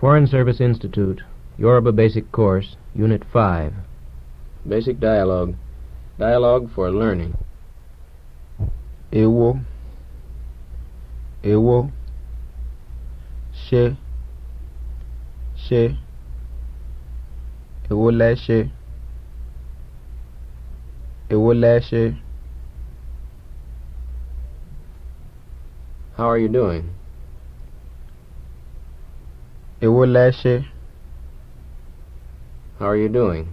Foreign Service Institute, Yoruba Basic Course, Unit 5. Basic Dialogue. Dialogue for Learning. Ewo. Ewo. she, she, Èwo lẹ ṣe. Èwo lẹ ṣe. How are you doing? It was last year. How are you doing?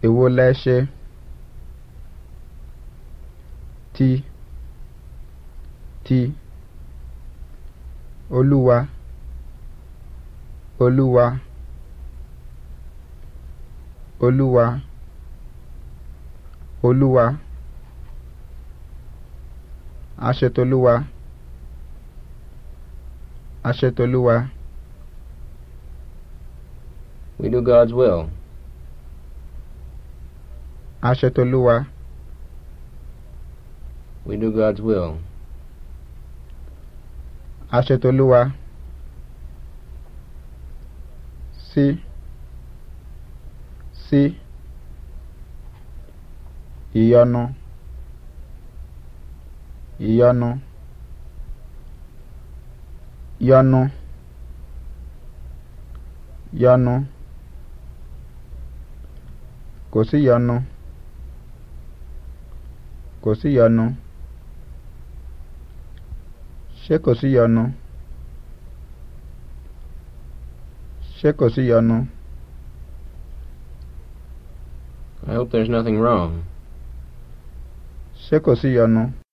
It Èwo lẹ ṣe? T. ti Olúwa Olúwa Olúwa Olúwa Aṣetolúwa àṣẹ tolúwa. We do God's will. Àṣẹ tolúwa. We do God's will. Àṣẹ tolúwa. Sí. Sí. Ìyọnu. Ìyọnu. yanu yanu kò sí yanu kò sí yanu ṣé kò sí yanu ṣé kò sí yanu. I hope there's nothing wrong. Ṣé sí yanu.